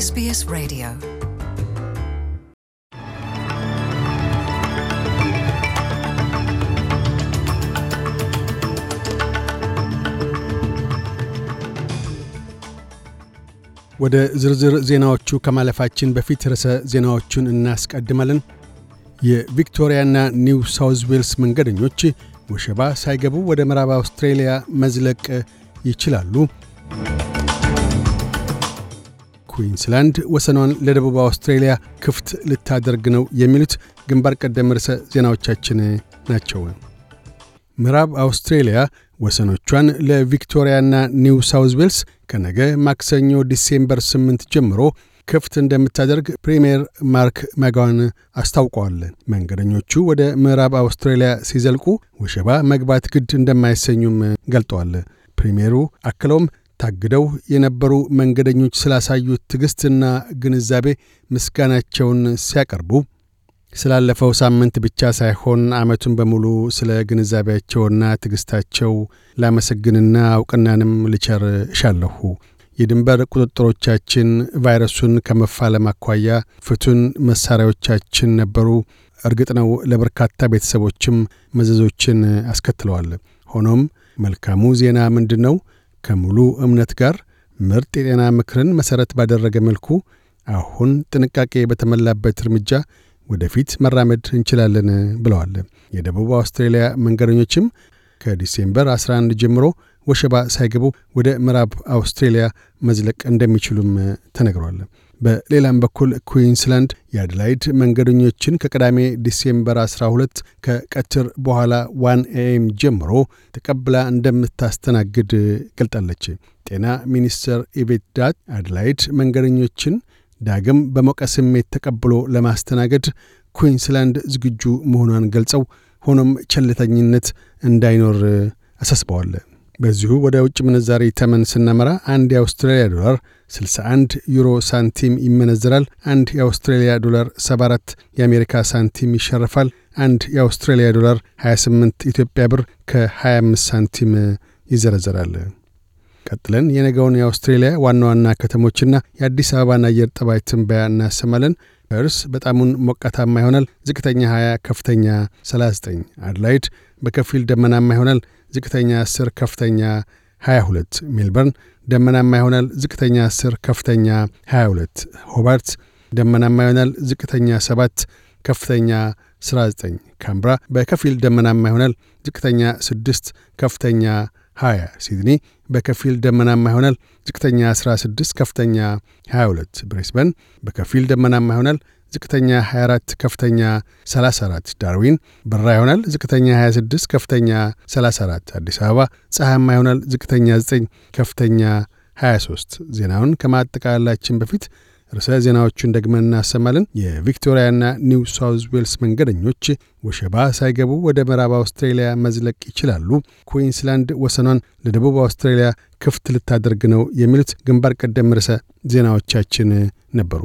SBS Radio ወደ ዝርዝር ዜናዎቹ ከማለፋችን በፊት ርዕሰ ዜናዎቹን እናስቀድማለን። የቪክቶሪያና ኒው ሳውዝ ዌልስ መንገደኞች ወሸባ ሳይገቡ ወደ ምዕራብ አውስትሬሊያ መዝለቅ ይችላሉ። ኩዊንስላንድ ወሰኗን ለደቡብ አውስትሬልያ ክፍት ልታደርግ ነው የሚሉት ግንባር ቀደም ርዕሰ ዜናዎቻችን ናቸው። ምዕራብ አውስትሬልያ ወሰኖቿን ለቪክቶሪያና ኒው ሳውዝ ዌልስ ከነገ ማክሰኞ ዲሴምበር 8 ጀምሮ ክፍት እንደምታደርግ ፕሪምየር ማርክ መጋን አስታውቀዋል። መንገደኞቹ ወደ ምዕራብ አውስትራሊያ ሲዘልቁ ወሸባ መግባት ግድ እንደማይሰኙም ገልጠዋል። ፕሪምየሩ አክለውም ታግደው የነበሩ መንገደኞች ስላሳዩት ትዕግሥትና ግንዛቤ ምስጋናቸውን ሲያቀርቡ ስላለፈው ሳምንት ብቻ ሳይሆን ዓመቱን በሙሉ ስለ ግንዛቤያቸውና ትዕግሥታቸው ላመሰግንና እውቅናንም ልቸር እሻለሁ። የድንበር ቁጥጥሮቻችን ቫይረሱን ከመፋለም አኳያ ፍቱን መሣሪያዎቻችን ነበሩ። እርግጥ ነው ለበርካታ ቤተሰቦችም መዘዞችን አስከትለዋል። ሆኖም መልካሙ ዜና ምንድን ነው? ከሙሉ እምነት ጋር ምርጥ የጤና ምክርን መሠረት ባደረገ መልኩ አሁን ጥንቃቄ በተሞላበት እርምጃ ወደፊት መራመድ እንችላለን ብለዋል። የደቡብ አውስትሬልያ መንገደኞችም ከዲሴምበር 11 ጀምሮ ወሸባ ሳይገቡ ወደ ምዕራብ አውስትሬልያ መዝለቅ እንደሚችሉም ተነግሯል። በሌላም በኩል ኩዊንስላንድ የአደላይድ መንገደኞችን ከቅዳሜ ዲሴምበር 12 ከቀትር በኋላ ዋን ኤኤም ጀምሮ ተቀብላ እንደምታስተናግድ ገልጣለች። ጤና ሚኒስትር ኢቤት ዳት አደላይድ መንገደኞችን ዳግም በሞቀ ስሜት ተቀብሎ ለማስተናገድ ኩዊንስላንድ ዝግጁ መሆኗን ገልጸው ሆኖም ቸልተኝነት እንዳይኖር አሳስበዋል። በዚሁ ወደ ውጭ ምንዛሪ ተመን ስናመራ አንድ የአውስትራሊያ ዶላር 61 ዩሮ ሳንቲም ይመነዝራል። አንድ የአውስትራሊያ ዶላር 74 የአሜሪካ ሳንቲም ይሸርፋል። አንድ የአውስትራሊያ ዶላር 28 ኢትዮጵያ ብር ከ25 ሳንቲም ይዘረዘራል። ቀጥለን የነገውን የአውስትሬሊያ ዋና ዋና ከተሞችና የአዲስ አበባን አየር ጠባይ ትንበያ እናሰማለን። ፐርስ በጣሙን ሞቃታማ ይሆናል። ዝቅተኛ 20፣ ከፍተኛ 39። አድላይድ በከፊል ደመናማ ይሆናል። ዝቅተኛ 10 ከፍተኛ 22 ሜልበርን ደመናማ ይሆናል። ዝቅተኛ 10 ከፍተኛ 22 ሆባርት ደመናማ ይሆናል። ዝቅተኛ 7 ከፍተኛ 19 ካምብራ በከፊል ደመናማ ይሆናል። ዝቅተኛ 6 ከፍተኛ 20 ሲድኒ በከፊል ደመናማ ይሆናል። ዝቅተኛ 16 ከፍተኛ 22 ብሬስበን በከፊል ደመናማ ይሆናል። ዝቅተኛ 24 ከፍተኛ 34 ዳርዊን፣ ብራ ይሆናል ዝቅተኛ 26 ከፍተኛ 34 አዲስ አበባ፣ ፀሐያማ ይሆናል ዝቅተኛ 9 ከፍተኛ 23። ዜናውን ከማጠቃላላችን በፊት ርዕሰ ዜናዎቹን ደግመን እናሰማለን። የቪክቶሪያና ኒው ሳውዝ ዌልስ መንገደኞች ወሸባ ሳይገቡ ወደ ምዕራብ አውስትሬሊያ መዝለቅ ይችላሉ። ኩዊንስላንድ ወሰኗን ለደቡብ አውስትሬሊያ ክፍት ልታደርግ ነው። የሚሉት ግንባር ቀደም ርዕሰ ዜናዎቻችን ነበሩ።